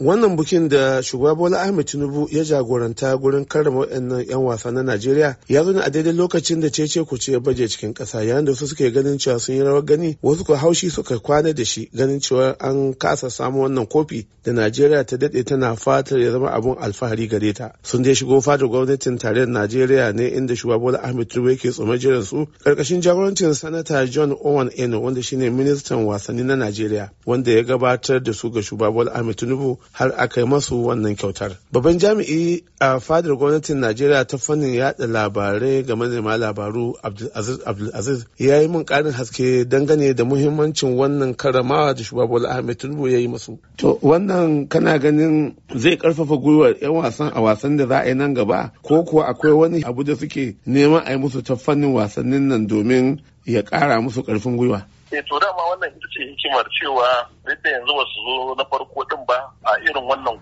wannan bukin da shugaba bola ahmed tinubu ya jagoranta gurin karrama waɗannan 'yan wasa na najeriya ya zo a daidai lokacin da cece ku ce baje cikin ƙasa yayin da su suke ganin cewa sun yi rawar gani wasu ko haushi suka kwana da shi ganin cewa an kasa samu wannan kofi da najeriya ta dade tana fatar ya zama abun alfahari gare ta sun dai shigo fadar gwamnatin tarayyar najeriya ne inda shugaba bola ahmed tinubu yake tsoma jiran su karkashin jagorancin sanata john owen eno wanda shine ministan wasanni na najeriya wanda ya gabatar da su ga shugaba bola ahmed tinubu har a yi masu wannan kyautar. Babban jami'i a fadar gwamnatin Najeriya ta fannin yada labarai ga manema labaru Abdulaziz Abdulaziz ya yi min karin haske dangane da muhimmancin wannan karamawa da shugaba Ahmed Tinubu ya yi masu. To wannan kana ganin zai karfafa gwiwar 'yan wasan a wasan da za a yi nan gaba ko kuwa akwai wani abu da suke neman a yi musu ta fannin wasannin nan domin ya kara musu karfin gwiwa. Eh to dama wannan ita ce hikimar cewa yadda yanzu wasu zo na farko din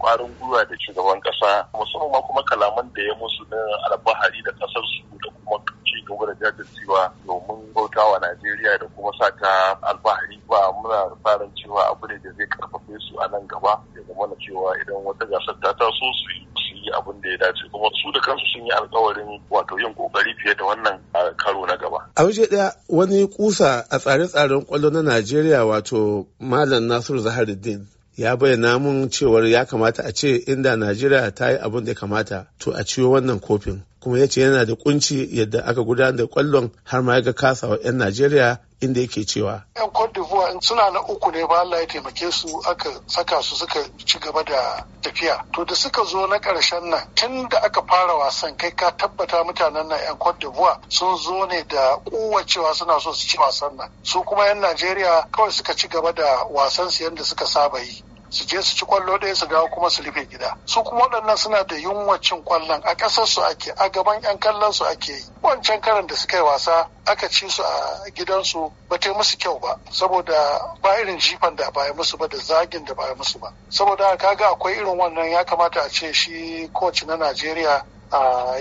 kwarin gwiwa da shugaban kasa musamman kuma kalaman da ya musu na alfahari da kasar da kuma ci gaba da jajircewa domin bauta wa Najeriya da kuma sa ta alfahari ba muna farin cewa abu ne da zai karfafe su a nan gaba da zama cewa idan wata gasar ta taso su yi abin da ya dace kuma su da kansu sun yi alkawarin wato yin kokari fiye da wannan karo na gaba. A waje ɗaya wani kusa a tsare-tsaren kwallo na Najeriya wato Malam Nasiru Zaharuddin ya bayyana mun cewar ya kamata a ce inda najeriya ta yi abin da ya kamata to a ciwo wannan kofin kuma ya ce yana da kunci yadda aka gudanar da kwallon har ma ya ga kasawa 'yan Najeriya inda yake cewa. 'Yan Cote d'Ivoire suna na uku ne ba Allah ya taimake su aka saka su suka ci gaba da tafiya. To da suka zo na karshen nan tun da aka fara wasan kai ka tabbata mutanen na 'yan Cote d'Ivoire sun zo ne da kowacewa suna so su ci wasan nan. Su kuma 'yan Najeriya kawai suka ci gaba da wasan su yadda suka saba yi. su je su ci kwallo ɗaya su dawo kuma su rufe gida su kuma waɗannan suna da yunwa cin kwallon a ƙasar su ake a gaban yan kallon su ake yi wancan karan da suka yi wasa aka ci su a gidansu ba ta musu kyau ba saboda ba irin jifan da ba musu ba da zagin da ba musu ba saboda kaga akwai irin wannan ya kamata a ce shi coach na Najeriya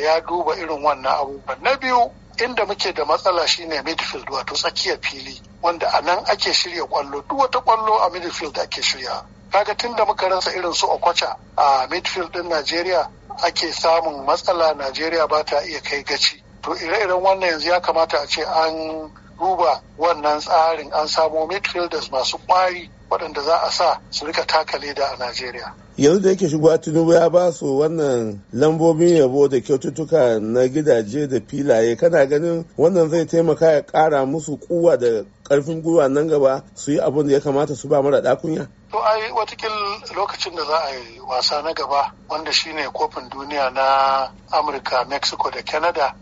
ya duba irin wannan abubuwan na biyu inda muke da matsala shine midfield wato tsakiyar fili wanda a nan ake shirya kwallo duk wata kwallo a midfield ake shirya kaga tun da muka rasa irin su okwacha a midfield din najeriya ake samun matsala najeriya ba ta iya kai gaci to ire-iren wannan yanzu ya kamata a ce an duba wannan tsarin an samo midfielders masu kwari waɗanda za a sa su rika taka leda a najeriya yanzu da yake shigowa tinubu ya ba su wannan lambobin yabo da kyaututtuka na gidaje da filaye kana ganin wannan zai taimaka ya kara musu kuwa da karfin gwiwa nan gaba su yi abin da ya kamata su ba mara dakunya to ai watakil lokacin da za a yi wasa na gaba wanda shine kofin duniya na amurka mexico da canada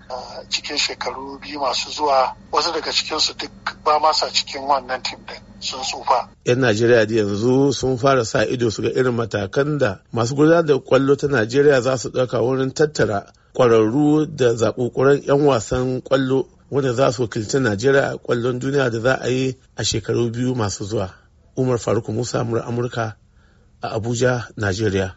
cikin shekaru biyu masu zuwa wasu daga cikinsu duk ba masa cikin wannan tim din sun tsufa. 'Yan Najeriya da yanzu sun fara sa ido su ga irin matakan da masu gudanar da kwallo ta Najeriya za su ɗauka wurin tattara kwararru da zaɓuɓɓuran 'yan wasan kwallo wanda za su wakilci najeriya a kwallon duniya da za a yi a shekaru biyu masu zuwa umar faruk musa amurka a abuja najeriya